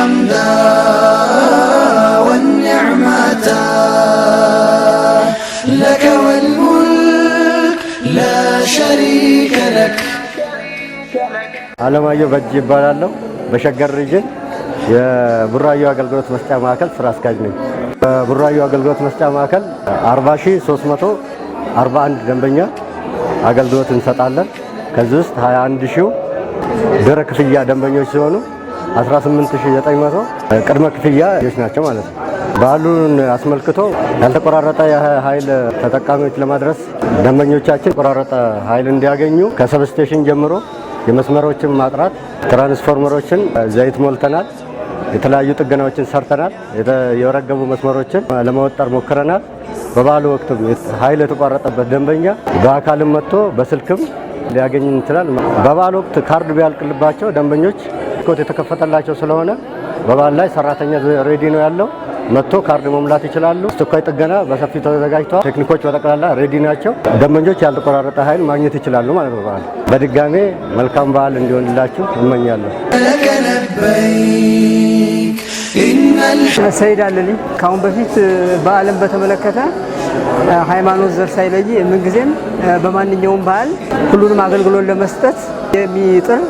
الحمد والنعمة لك والملك لا شريك لك አለማየሁ በእጅ ይባላለሁ። በሸገር ሪጅን የቡራዩ አገልግሎት መስጫ ማዕከል ስራ አስኪያጅ ነኝ። በቡራዩ አገልግሎት መስጫ ማዕከል 40341 ደንበኛ አገልግሎት እንሰጣለን። ከዚህ ውስጥ 21 ሺው ድህረ ክፍያ ደንበኞች ሲሆኑ 18900 ቅድመ ክፍያ ዮች ናቸው ማለት ነው። በዓሉን አስመልክቶ ያልተቆራረጠ የኃይል ተጠቃሚዎች ለማድረስ ደንበኞቻችን ቆራረጠ ኃይል እንዲያገኙ ከሰብስቴሽን ጀምሮ የመስመሮችን ማጥራት፣ ትራንስፎርመሮችን ዘይት ሞልተናል። የተለያዩ ጥገናዎችን ሰርተናል። የረገቡ መስመሮችን ለመወጠር ሞክረናል። በበዓሉ ወቅት ኃይል የተቋረጠበት ደንበኛ በአካልም መጥቶ በስልክም ሊያገኝ እንችላል። በበዓሉ ወቅት ካርድ ቢያልቅልባቸው ደንበኞች ቲኬት የተከፈተላቸው ስለሆነ በባል ላይ ሰራተኛ ሬዲ ነው ያለው መጥቶ ካርድ መሙላት ይችላሉ። አስቸኳይ ጥገና በሰፊው ተዘጋጅቷል። ቴክኒኮች በጠቅላላ ሬዲ ናቸው። ደንበኞች ያልተቆራረጠ ኃይል ማግኘት ይችላሉ ማለት ነው። በዓል በድጋሜ መልካም በዓል እንዲሆንላችሁ እመኛለሁ። ሰይድ አለልኝ ከአሁን በፊት በዓልን በተመለከተ ሃይማኖት ዘር ሳይለይ ምን ጊዜም በማንኛውም በዓል ሁሉንም አገልግሎት ለመስጠት የሚጥር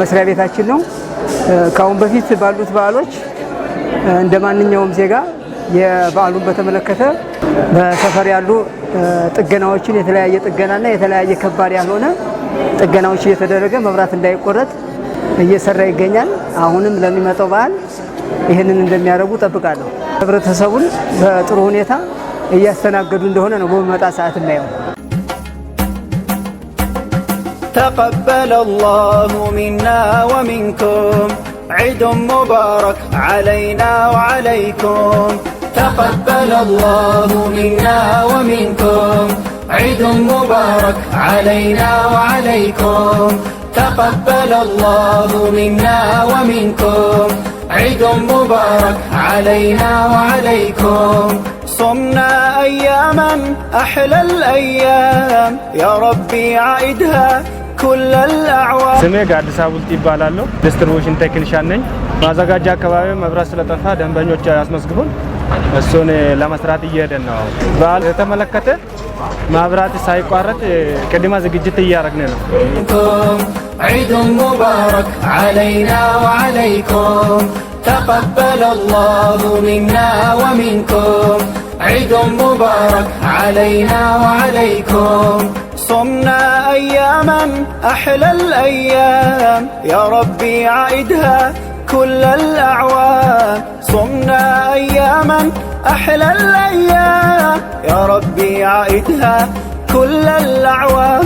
መስሪያ ቤታችን ነው። ከአሁን በፊት ባሉት በዓሎች እንደ ማንኛውም ዜጋ የበዓሉን በተመለከተ በሰፈር ያሉ ጥገናዎችን የተለያየ ጥገናና የተለያየ ከባድ ያልሆነ ጥገናዎች እየተደረገ መብራት እንዳይቆረጥ እየሰራ ይገኛል። አሁንም ለሚመጣው በዓል ይህንን እንደሚያደርጉ ጠብቃለሁ። ህብረተሰቡን በጥሩ ሁኔታ እያስተናገዱ እንደሆነ ነው በመጣ ሰዓት እናየው። تقبل الله منا ومنكم عيد مبارك علينا وعليكم تقبل الله منا ومنكم عيد مبارك علينا وعليكم تقبل الله منا ومنكم عيد مبارك علينا وعليكم صمنا أياما أحلى الأيام يا ربي عيدها ስሜ ጋዲሳ ቡልቲ ይባላለሁ። ዲስትሪቢሽን ቴክኒሻን ነኝ። ማዘጋጃ አካባቢ መብራት ስለጠፋ ደንበኞች አስመዝግቡን እሱን ለመስራት እየሄደን ነው። በዓል የተመለከተ መብራት ሳይቋረጥ ቅድመ ዝግጅት እያደረግን ነው። ዒዱን ሙባረክ ዓለይና ወዓለይኩም ተቀበለ አላሁ ሚና ወሚንኩም ዒዱን ሙባረክ ዓለይና ወዓለይኩም ሶምና أياما أحلى الأيام يا ربي عائدها كل الأعوام صمنا أياما أحلى الأيام يا ربي عائدها كل الأعوام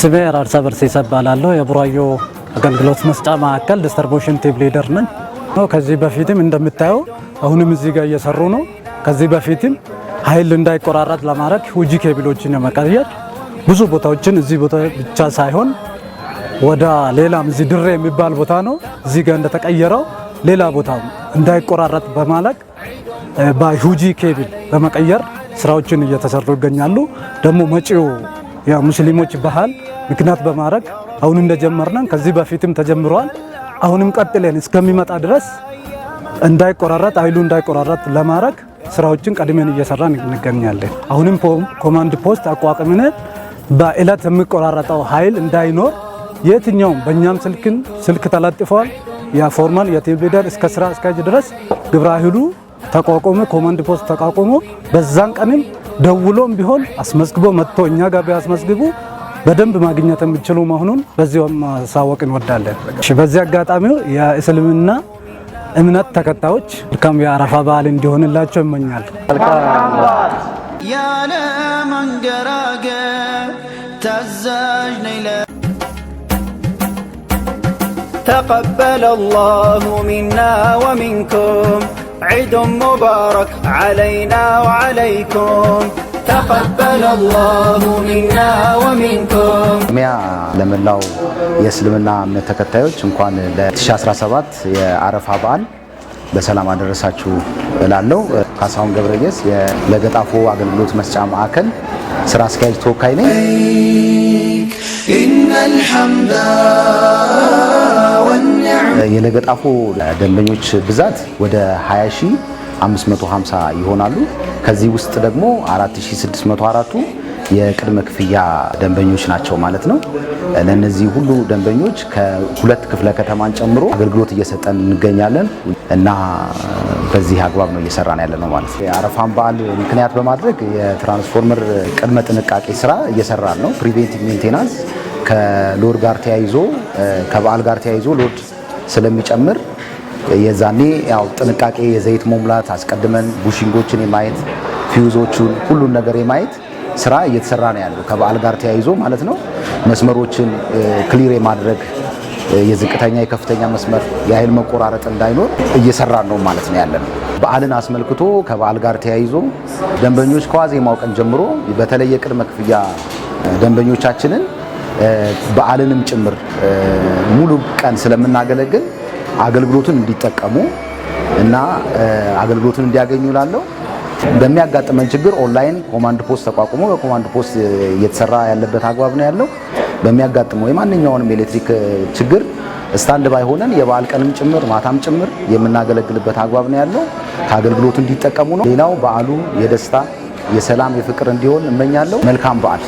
ስሜ ራድሳ በርሴሳ እባላለሁ። የቡራዮ አገልግሎት መስጫ ማዕከል ዲስትሪቢዩሽን ቲም ሊደር ነኝ። ከዚህ በፊትም እንደምታየው አሁንም እዚህ ጋር እየሰሩ ነው። ከዚህ በፊትም ኃይል እንዳይቆራረጥ ለማድረግ ውጂ ኬብሎችን የመቀየር ብዙ ቦታዎችን እዚህ ቦታ ብቻ ሳይሆን ወደ ሌላም እዚህ ድሬ የሚባል ቦታ ነው እዚህ ጋር እንደተቀየረው ሌላ ቦታ እንዳይቆራረጥ በማለቅ በሁጂ ኬብል በመቀየር ስራዎችን እየተሰሩ ይገኛሉ። ደግሞ መጪው የሙስሊሞች ባህል ምክንያት በማድረግ አሁን እንደጀመርነን ከዚህ በፊትም ተጀምረዋል። አሁንም ቀጥለን እስከሚመጣ ድረስ እንዳይቆራረጥ አይሉ እንዳይቆራረጥ ለማድረግ ስራዎችን ቀድመን እየሰራን እንገኛለን። አሁንም ኮማንድ ፖስት አቋቁመን በእለት የሚቆራረጠው ኃይል እንዳይኖር የትኛውም በእኛም ስልክን ስልክ ተለጥፏል። የፎርማል የቲም ሊደር እስከ ስራ እስከጅ ድረስ ግብረ ኃይሉ ተቋቁሞ ኮማንድ ፖስት ተቋቁሞ በዛን ቀንም ደውሎም ቢሆን አስመዝግቦ መጥቶ እኛ ጋር ቢያስመዝግቡ በደንብ ማግኘት የሚችሉ መሆኑን በዚህ ማሳወቅ እንወዳለን። በዚህ አጋጣሚው የእስልምና እምነት ተከታዮች መልካም የአረፋ በዓል እንዲሆንላቸው ይመኛል። ያለ መንገራገር ታዛዥ ነኝ። تقبل الله منا ومنكم عيد مبارك علينا وعليكم ተቀበለ አላሁ ሚና ወሚንኩም። ቅድሚያ ለመላው የእስልምና እምነት ተከታዮች እንኳን ለ2017 የአረፋ በዓል በሰላም አደረሳችሁ እላለሁ። ካሳሁን ገብረየስ ለገጣፎ አገልግሎት መስጫ ማዕከል ስራ አስኪያጅ ተወካይ ነኝ። የለገጣፎ ደንበኞች ብዛት ወደ 20 ሺህ 550 ይሆናሉ። ከዚህ ውስጥ ደግሞ 4604ቱ የቅድመ ክፍያ ደንበኞች ናቸው ማለት ነው። ለእነዚህ ሁሉ ደንበኞች ከሁለት ክፍለ ከተማን ጨምሮ አገልግሎት እየሰጠን እንገኛለን እና በዚህ አግባብ ነው እየሰራን ያለ ነው ማለት ነው። የአረፋን በዓል ምክንያት በማድረግ የትራንስፎርመር ቅድመ ጥንቃቄ ስራ እየሰራን ነው። ፕሪቬንቲቭ ሜንቴናንስ ከሎድ ጋር ተያይዞ ከበዓል ጋር ተያይዞ ሎድ ስለሚጨምር የዛኔ ያው ጥንቃቄ የዘይት መሙላት አስቀድመን ቡሽንጎችን የማየት ፊውዞቹን ሁሉን ነገር የማየት ስራ እየተሰራ ነው ያለው ከበዓል ጋር ተያይዞ ማለት ነው። መስመሮችን ክሊር የማድረግ የዝቅተኛ የከፍተኛ መስመር የኃይል መቆራረጥ እንዳይኖር እየሰራ ነው ማለት ነው ያለን። በዓልን አስመልክቶ ከበዓል ጋር ተያይዞ ደንበኞች ከዋዜማው ቀን ጀምሮ በተለየ ቅድመ ክፍያ ደንበኞቻችንን በዓልንም ጭምር ሙሉ ቀን ስለምናገለግል አገልግሎቱን እንዲጠቀሙ እና አገልግሎቱን እንዲያገኙ ላለው በሚያጋጥመን ችግር ኦንላይን ኮማንድ ፖስት ተቋቁሞ በኮማንድ ፖስት እየተሰራ ያለበት አግባብ ነው ያለው። በሚያጋጥመው የማንኛውንም ኤሌክትሪክ ችግር ስታንድ ባይ ሆነን የበዓል ቀንም ጭምር ማታም ጭምር የምናገለግልበት አግባብ ነው ያለው። ከአገልግሎቱ እንዲጠቀሙ ነው። ሌላው በዓሉ የደስታ የሰላም፣ የፍቅር እንዲሆን እመኛለሁ። መልካም በዓል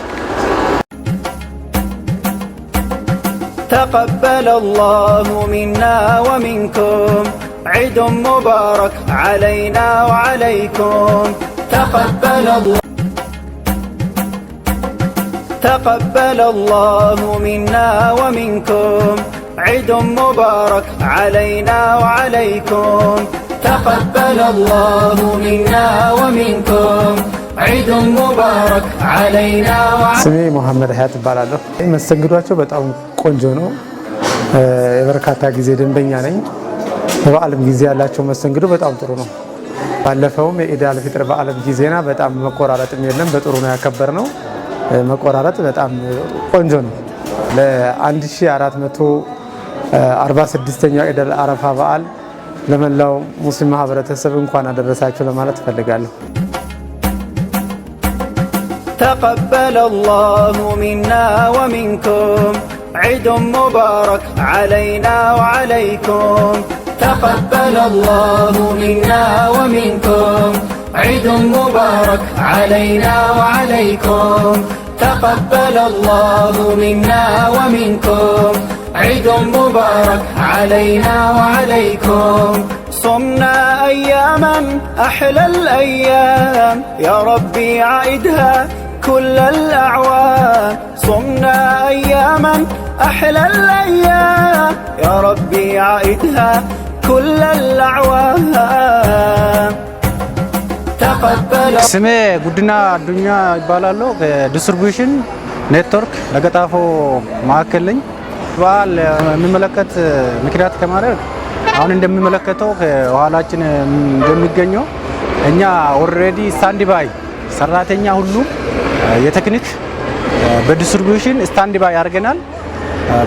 تقبل الله منا ومنكم عيد مبارك علينا وعليكم تقبل الله تقبل الله منا ومنكم عيد مبارك علينا وعليكم تقبل الله منا ومنكم ስሜ መሐመድ ሀያት እባላለሁ። መስተንግዷቸው በጣም ቆንጆ ነው። የበርካታ ጊዜ ደንበኛ ነኝ። በበዓልም ጊዜ ያላቸው መስተንግዶ በጣም ጥሩ ነው። ባለፈውም የኢድ አልፊጥር በዓልም ጊዜና በጣም መቆራረጥም የለም በጥሩ ነው ያከበር ነው። መቆራረጥ በጣም ቆንጆ ነው። ለ1446ኛው ኢድ አረፋ በዓል ለመላው ሙስሊም ማህበረተሰብ እንኳን አደረሳችሁ ለማለት እፈልጋለሁ። تقبل الله منا ومنكم عيد مبارك علينا وعليكم تقبل الله منا ومنكم عيد مبارك علينا وعليكم تقبل الله منا ومنكم عيد مبارك علينا وعليكم صمنا أياما أحلى الأيام يا ربي عائدها كل الأعوام صمنا أياما أحلى الأيام يا ربي عائدها كل الأعوام ስሜ ጉድና አዱኛ ይባላለሁ። ዲስትሪቢዩሽን ኔትወርክ ለገጣፎ ማዕከል ነኝ። በዓል የሚመለከት ምክንያት ከማድረግ አሁን እንደሚመለከተው ከኋላችን እንደሚገኘው እኛ ኦልሬዲ ስታንድ ባይ ሰራተኛ ሁሉም የቴክኒክ በዲስትሪቢዩሽን ስታንድ ባይ አድርገናል።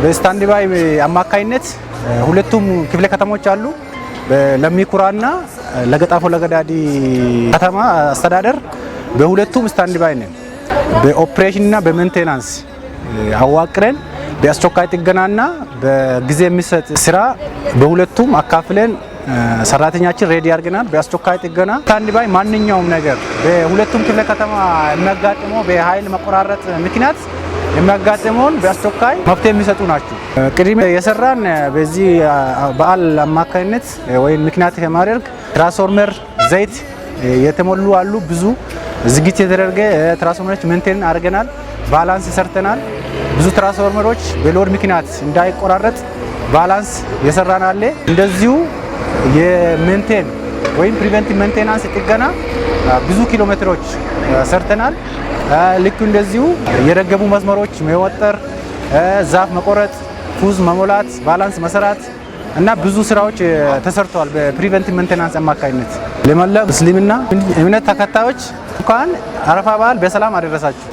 በስታንድ ባይ አማካይነት ሁለቱም ክፍለ ከተሞች አሉ። ለሚኩራና ለገጣፎ ለገዳዲ ከተማ አስተዳደር በሁለቱም ስታንድ ባይ ነን። በኦፕሬሽንና በሜንቴናንስ አዋቅረን በአስቸኳይ ጥገናና በጊዜ የሚሰጥ ስራ በሁለቱም አካፍለን ሰራተኛችን ሬዲ አድርገናል። በአስቸኳይ ጥገና ስታንድ ባይ ማንኛውም ነገር በሁለቱም ክፍለ ከተማ የሚያጋጥመው በኃይል መቆራረጥ ምክንያት የሚያጋጥመውን በአስቸኳይ መፍትሄ የሚሰጡ ናቸው። ቅድሜ የሰራን በዚህ በዓል አማካኝነት ወይም ምክንያት የማደርግ ትራንስፎርመር ዘይት የተሞሉ አሉ። ብዙ ዝግጅት የተደረገ ትራንስፎርመሮች መንቴን አድርገናል። ባላንስ ሰርተናል። ብዙ ትራንስፎርመሮች በሎድ ምክንያት እንዳይቆራረጥ ባላንስ የሰራን አለ እንደዚሁ የሜንቴን ወይም ፕሪቨንቲቭ ሜንቴናንስ ጥገና ብዙ ኪሎ ሜትሮች ሰርተናል። ልክ እንደዚሁ የረገቡ መስመሮች መወጠር፣ ዛፍ መቆረጥ፣ ፉዝ መሞላት፣ ባላንስ መሰራት እና ብዙ ስራዎች ተሰርተዋል። በፕሪቨንቲቭ ሜንቴናንስ አማካኝነት ለመላ እስልምና እምነት ተከታዮች እንኳን አረፋ በዓል በሰላም አደረሳችሁ።